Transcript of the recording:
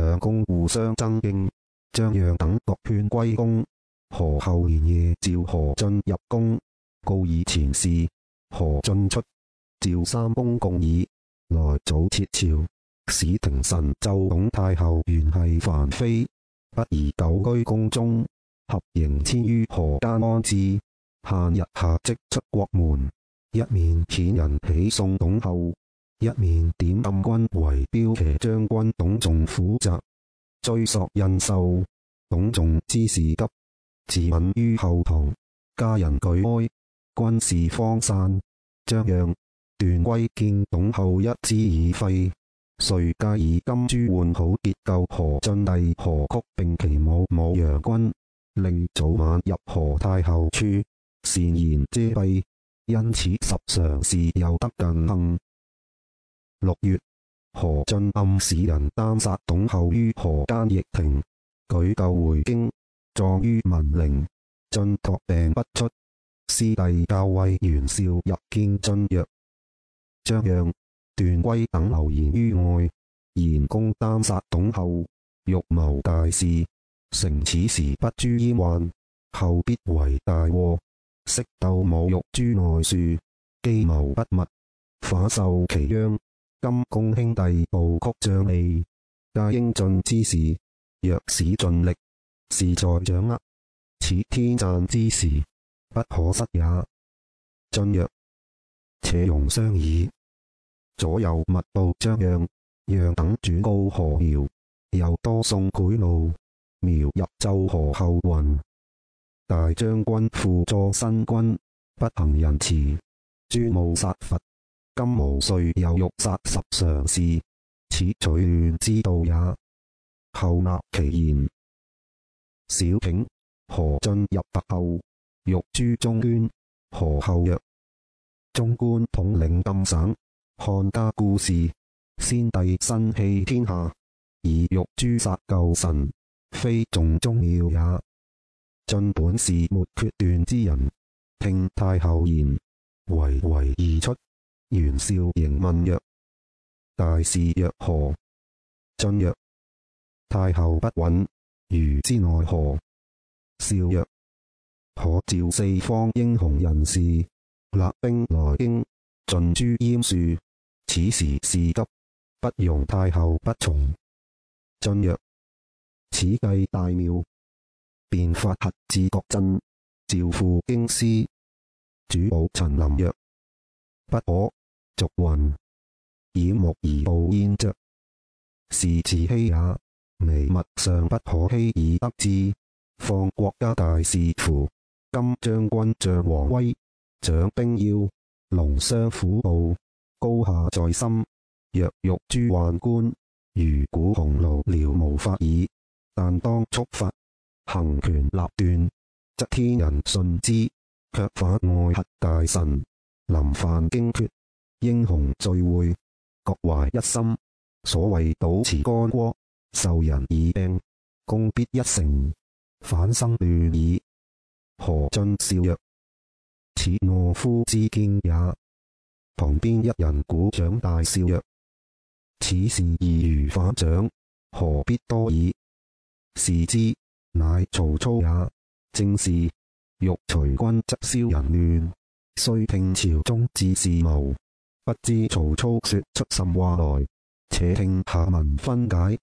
兩宮互相爭競，張讓等各勸歸宮。何后連夜召何進入宮，告以前事。何進出，召三公共議，來早設朝，使廷臣奏董太后原係藩妃，不宜久居宮中，合仍遷於河間安置。限日下即出國門，一面遣人起送董后。一面點禁軍圍驃騎將軍董重府宅，追索印綬。董重知事急，自刎於後堂。家人舉哀，軍士方散，張讓、段珪見董后一枝已廢，遂皆以金珠玩好結搆，何進弟何曲並其母舞陽君，令早晚入何太后處，善言遮蔽，因此十常侍又得近幸。六月，何進暗使人酖殺董后於河間驛庭，舉柩回京，葬於文陵。進託病不出，司隸校尉袁紹入見進曰：張讓、段珪等流言於外，言「公酖殺董后，欲謀大事，乘此時不誅閹宦，後必為大禍。昔竇武欲誅內豎，機謀不密，反受其殃。今公兄弟部曲將吏，皆英俊之士，若使盡力，事在掌握。此天贊之時，不可失也。進曰：且容商議，左右密報張讓，讓等轉告何苗，又多送賄賂。苗入奏何後云：大將軍輔佐新君，不行仁慈，專務殺伐。今無歲有欲殺十常事，此取亂之道也。后納其言。小景何進入佛后，欲誅中官。何后曰：中官統領禁省，漢家故事。先帝身棄天下，而欲誅殺舊神，非重宗廟也。進本是沒決斷之人，聽太后言，唯唯而出。袁紹迎問曰：大事若何？進曰：太后不允，如之奈何？紹曰：可召四方英雄人士，勒兵來京，盡誅閹豎。此時事急，不容太后不從。進曰：此計大妙，便發檄至各鎮，召赴京師。主簿陳琳曰：不可。俗云掩目而捕燕雀，是自欺也。微物尚不可欺，以得志，況國家大事乎？今將軍仗皇威，掌兵要，龍骧虎步，高下在心。若欲誅宦官如鼓洪爐，燎毛髮耳。但當速發，行權立斷，則天人順之；却反外檄大臣，臨犯京闕。英雄聚會，各懷一心。所謂倒持干戈，授人以柄，功必一成，反生亂矣。何進笑曰：此懦夫之見也。旁邊一人鼓掌大笑曰：此事易如反掌，何必多議？視之乃曹操也。正是欲除君側宵人亂，須聽朝中智士謀。不知曹操說出甚話來，且聽下文分解。